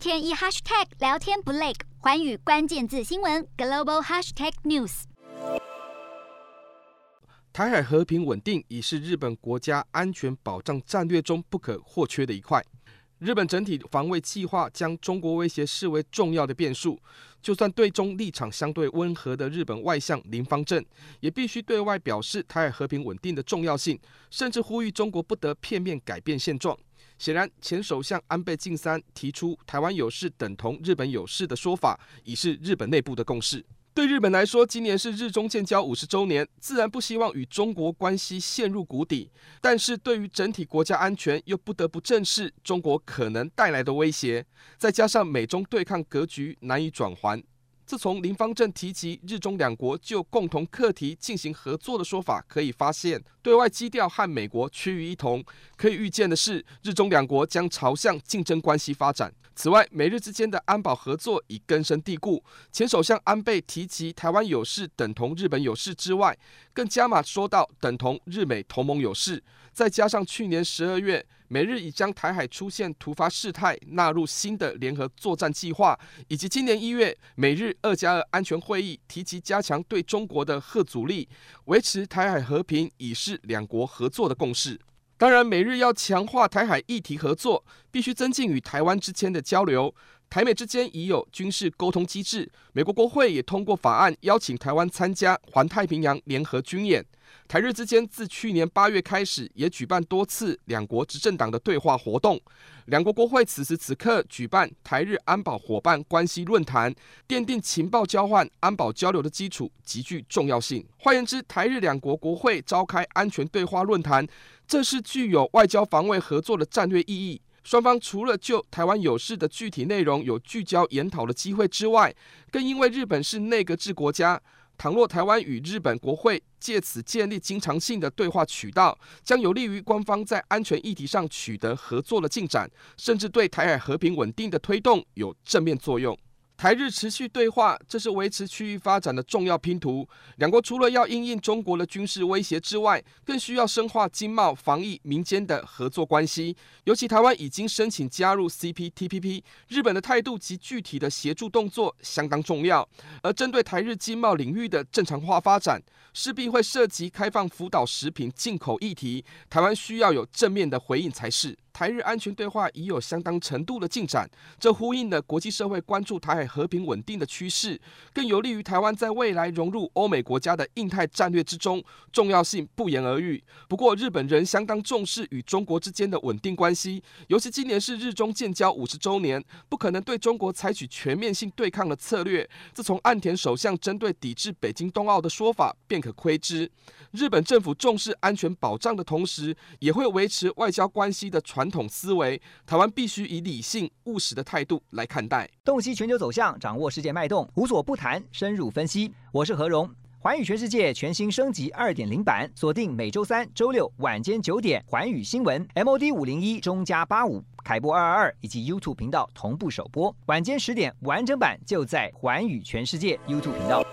天一 hashtag 聊天不累，寰宇關鍵字新聞 global hashtag news。台海和平穩定已是日本國家安全保障戰略中不可或缺的一塊。日本整體防衛計劃將中國威脅視為重要的變數。就算對中立場相對溫和的日本外相林芳正，也必須對外表示台海和平穩定的重要性，甚至呼籲中國不得片面改變現狀。顯然，前首相安倍晉三提出“台灣有事等同日本有事”的說法，已是日本內部的共識。對日本來說，今年是日中建交五十周年，自然不希望與中國關係陷入谷底，但是對於整體國家安全，又不得不正視中國可能帶來的威脅。再加上美中對抗格局難以轉圜。自從林芳正提及日中兩國就共同課題進行合作的說法，可以發現對外基調和美國趨於一同。可以預見的是，日中兩國將朝向競爭關係發展。此外，美日之間的安保合作已根深蒂固。前首相安倍提及台灣有事等同日本有事之外，更加碼說到等同日美同盟有事。再加上去年十二月，美日已將台海出現突發事態納入新的聯合作戰計劃，以及今年一月美日二加二安全會議提及加強對中國的嚇阻力，維持台海和平已是兩國合作的共識。當然，美日要強化台海議題合作，必須增進與台灣之間的交流。台美之間已有軍事溝通機制，美國國會也通過法案邀請台灣參加環太平洋聯合軍演。台日之間自去年八月開始，也舉辦多次兩國執政黨的對話活動。兩國國會此時此刻舉辦台日安保夥伴關係論壇，奠定情報交換、安保交流的基礎，極具重要性。換言之，台日兩國國會召開安全對話論壇，正是具有外交防衛合作的戰略意義。雙方除了就台灣有事的具體內容有聚焦研討的機會之外，更因為日本是內閣制國家，倘若台灣與日本國會。借此建立經常性的對話渠道，將有利於官方在安全議題上取得合作的進展，甚至對台海和平穩定的推動有正面作用。台日持續對話，這是維持區域發展的重要拼圖。兩國除了要因應中國的軍事威脅之外，更需要深化經貿、防疫、民間的合作關係。尤其台灣已經申請加入 CPTPP，日本的態度及具體的協助動作相當重要。而針對台日經貿領域的正常化發展，勢必會涉及開放福島食品進口議題，台灣需要有正面的回應才是。台日安全對話已有相當程度的進展，這呼應了國際社會關注台海和平穩定的趨勢，更有利於台灣在未來融入歐美國家的印太戰略之中，重要性不言而喻。不過，日本人相當重視與中國之間的穩定關係，尤其今年是日中建交五十周年，不可能對中國採取全面性對抗的策略。自從岸田首相針對抵制北京冬奧的說法，便可窺知，日本政府重視安全保障的同時，也會維持外交關係的傳。統思維，台灣必須以理性務實的態度來看待，洞悉全球走向，掌握世界脈動，無所不談，深入分析。我是何榮，寰宇全世界全新升級二點零版，鎖定每周三、周六晚間九點，寰宇新聞 MOD 五零一中加八五凱擘二二二以及 YouTube 頻道同步首播，晚間十點完整版就在寰宇全世界 YouTube 頻道。